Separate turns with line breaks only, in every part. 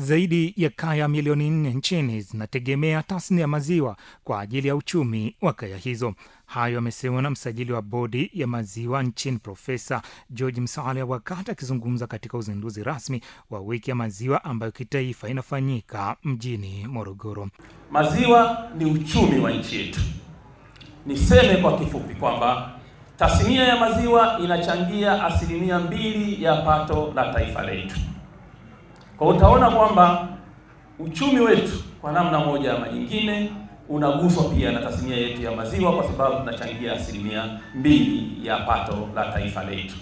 Zaidi ya kaya milioni nne nchini zinategemea tasni ya maziwa kwa ajili ya uchumi wa kaya hizo. Hayo amesemwa na msajili wa bodi ya maziwa nchini Profesa George Msale wakati akizungumza katika uzinduzi rasmi wa wiki ya maziwa ambayo kitaifa inafanyika mjini Morogoro.
Maziwa ni uchumi wa nchi yetu. Niseme kwa kifupi kwamba tasnia ya maziwa inachangia asilimia mbili ya pato la taifa letu. Kwa utaona kwamba uchumi wetu kwa namna moja ama nyingine unaguswa pia na tasnia yetu ya maziwa, kwa sababu tunachangia asilimia mbili ya pato la taifa letu.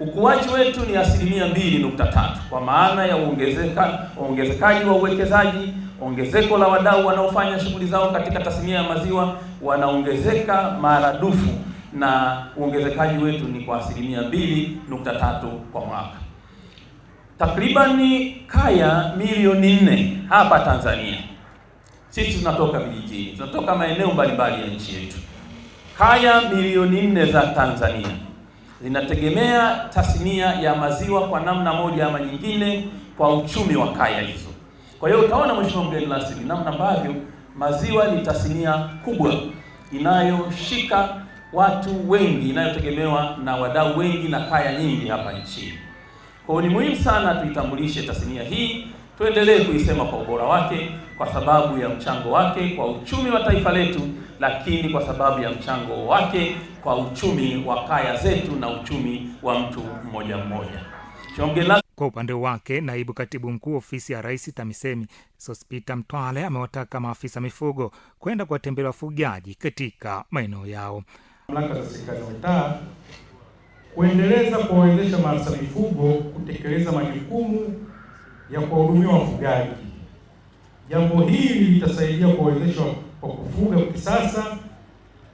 Ukuaji wetu ni asilimia mbili nukta tatu kwa maana ya uongezeka uongezekaji wa uwekezaji, ongezeko la wadau wanaofanya shughuli zao katika tasnia ya maziwa wanaongezeka maradufu, na uongezekaji wetu ni kwa asilimia mbili nukta tatu kwa mwaka takribani kaya milioni nne hapa Tanzania. Sisi tunatoka vijijini, tunatoka maeneo mbalimbali ya nchi yetu. Kaya milioni nne za Tanzania zinategemea tasnia ya maziwa kwa namna moja ama nyingine, kwa uchumi wa kaya hizo. Kwa hiyo utaona, Mheshimiwa mgeni rasmi, namna ambavyo maziwa ni tasnia kubwa inayoshika watu wengi, inayotegemewa na wadau wengi na kaya nyingi hapa nchini. Kwa hiyo ni muhimu sana tuitambulishe tasnia hii, tuendelee kuisema kwa ubora wake, kwa sababu ya mchango wake kwa uchumi wa taifa letu, lakini kwa sababu ya mchango wake kwa uchumi wa kaya zetu na uchumi wa mtu mmoja mmoja.
Kwa upande wake naibu katibu mkuu ofisi ya Rais TAMISEMI Sospita Mtwale amewataka maafisa mifugo kwenda kuwatembelea wafugaji katika maeneo yao.
Mamlaka za serikali za mitaa kuendeleza kuwawezesha maafisa mifugo kutekeleza majukumu ya kuwahudumia wafugaji. Jambo hili litasaidia kuwawezesha kwa kufuga kisasa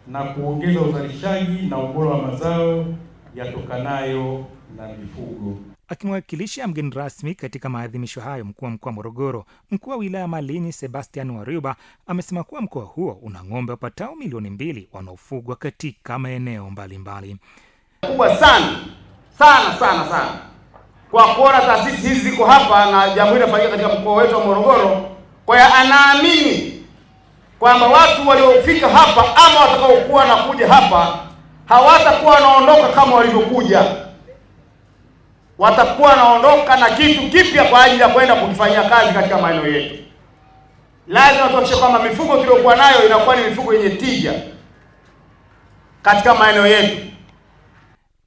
na kuongeza uzalishaji na ubora wa mazao yatokanayo na mifugo.
Akimwakilisha mgeni rasmi katika maadhimisho hayo, mkuu wa mkoa wa Morogoro, mkuu wa wilaya Malinyi Sebastian waruba amesema kuwa mkoa huo una ng'ombe wapatao milioni mbili wanaofugwa katika maeneo mbalimbali mbali
kubwa sana sana sana sana kwa kuona taasisi hizi ziko hapa na jambo inafanyika katika mkoa wetu wa Morogoro. Kwa hiyo anaamini kwamba watu waliofika hapa ama watakaokuwa na kuja hapa hawatakuwa wanaondoka kama walivyokuja, watakuwa wanaondoka na kitu kipya kwa ajili ya kwenda kukifanyia kazi katika maeneo yetu. Lazima tuhakikishe kwamba mifugo tuliyokuwa nayo inakuwa ni mifugo yenye tija katika maeneo yetu.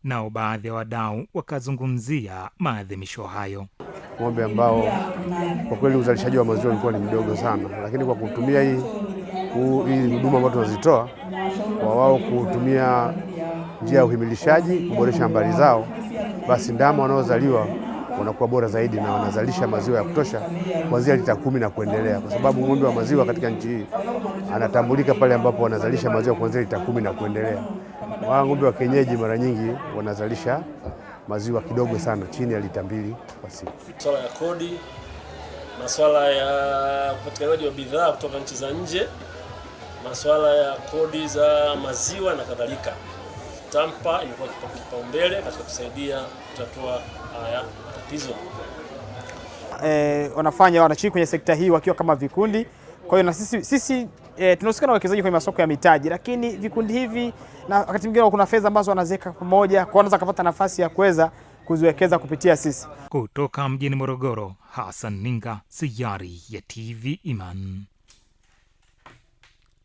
Nao baadhi ya wadau wakazungumzia maadhimisho hayo.
Ng'ombe ambao kwa kweli uzalishaji wa maziwa ulikuwa ni mdogo sana, lakini kwa kutumia hii hii huduma ambayo tunazitoa kwa wao, kutumia njia ya uhimilishaji kuboresha mbari zao, basi ndama wanaozaliwa wanakuwa bora zaidi na wanazalisha maziwa ya kutosha kuanzia lita kumi na kuendelea, kwa sababu ng'ombe wa maziwa katika nchi hii anatambulika pale ambapo wanazalisha maziwa kuanzia lita kumi na kuendelea. Hawa ng'ombe wa kienyeji mara nyingi wanazalisha maziwa kidogo sana, chini ya lita mbili kwa siku.
Swala ya kodi, masuala ya upatikanaji wa bidhaa kutoka nchi za nje, masuala ya kodi za maziwa na kadhalika. TAMPA imekuwa kipaumbele katika kusaidia kutatua haya matatizo.
Eh, wanafanya wanachii kwenye sekta hii wakiwa kama vikundi. Kwa hiyo na sisi, sisi e, tunahusika na wawekezaji kwenye masoko ya mitaji, lakini vikundi hivi na wakati mwingine kuna fedha ambazo wanaziweka pamoja, kwa wanaweza kupata nafasi ya kuweza kuziwekeza kupitia sisi.
Kutoka mjini Morogoro, Hassan Ninga, Sayari ya TV Iman.